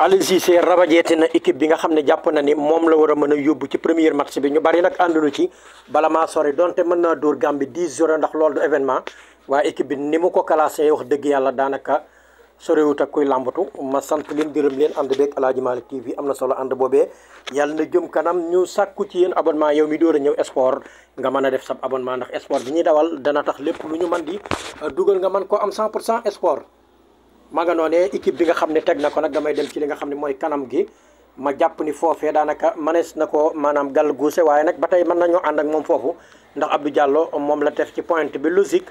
Aliou Cissé rabajeete na équipe bi nga xam ne jàpp na ni moom la war a mën a yóbbu ci première match bi ñu bari nag àndunu ci bala maa sori donte mën naa dóor Gambie 10 jours ndax loolu du événement waa équipe bi ni mu ko classé wax dëgg yàlla daanaka sorewut ak kuy làmbatu ma sant leen gërëm leen ànd beeg Aladji Malick TV am na solo ànd boobee yàlla na jëm kanam ñu sàkku ci yéen abonnement yow mi door a ñëw sport nga mën a def sab abonnement ndax sport bi ñuy dawal dana tax lépp lu ñu mën di dugal mën ko am 100 cent sport ma nga noonee équipe bi nga xam ne teg na ko nag damay dem ci li nga xam ne mooy kanam gi ma jàpp ni foofee daanaka manees na ko maanaam gàll guuse waaye nag ba tey mën nañoo ànd ak moom foofu ndax Abdou Diallo moom la def ci point bi logique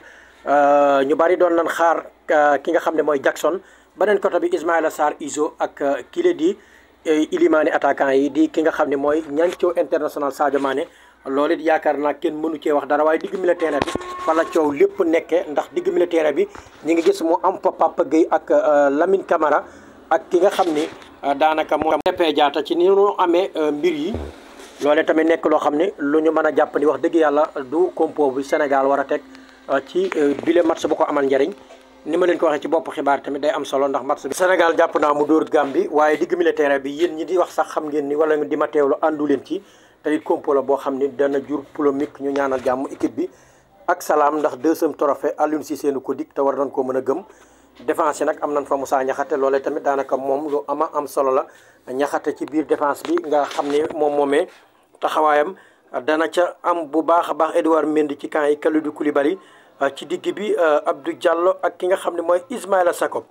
euh, ñu bari doon nañ xaar euh, ki nga xam ne mooy Jackson beneen côté bi Ismaïla saar Iso ak euh, kile di Ilimani attaquant yi di ki nga xam ne mooy ñancoo international Sadio Mané loolu it yaakaar naa kenn mënu cee wax dara waaye digg militaire bi fa la coow lépp nekkee ndax digg militaire bi ñu ngi gis mu am Papa Gueye ak euh, Lamine Camara ak ki nga xam ni euh, daanaka moo teppee jaata ci ni ñu amee euh, mbir yi loolee tamit nekk loo xam ne lu ñu mën a jàpp ni wax dëgg yàlla du compo bu Sénégal war a teg ci bile match bu ko amal njëriñ ni ma leen ko waxee ci bopp xibaar tamit day am solo ndax match bi Sénégal jàpp naa mu dóor Gambie waaye digg militaire bi yéen ñi di wax sax xam ngeen ni wala di ma teewlu leen ci te it boo xam ni dana jur polémique ñu ñaanal jàmm équipe bi ak salaam ndax deuxième trophée Aliou si nu ko dig te war nañ koo mën a gëm défense yi nag am nañ fa Moussa Niakhaté loole tamit daanaka moom lu ama am solo la Niakhaté ci biir défense bi nga xam ne moom moomee taxawaayam dana ca am bu baax a baax Edouard Mendy ci camp yi Kalidou bari ci digg bi euh, Abdou Diallo ak ki nga xam ne mooy Ismaïla Jacob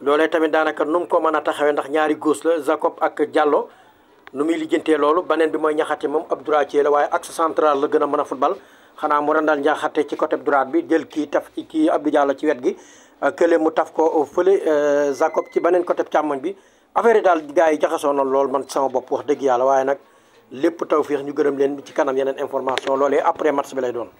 loolee tamit daanaka nu mu ko mën a taxawee ndax ñaari gos la Jacob ak Diallo nu muy lijjantee loolu beneen bi mooy Niakhaté moom ab droitier la waaye axe central la gën a mën a football xanaa mu daal njaaxate ci côté droite bi jël kii taf kii Abdou Diallo ci wet gi euh, kële mu taf ko fële euh, Jacob ci beneen côté càmmoñ bi affaire yi daal gars yi jaxasoo na lool man sama bopp wax dëgg yàlla waaye nag lépp tawféex ñu gërëm leen ci kanam yeneen information loolee après match bi lay doon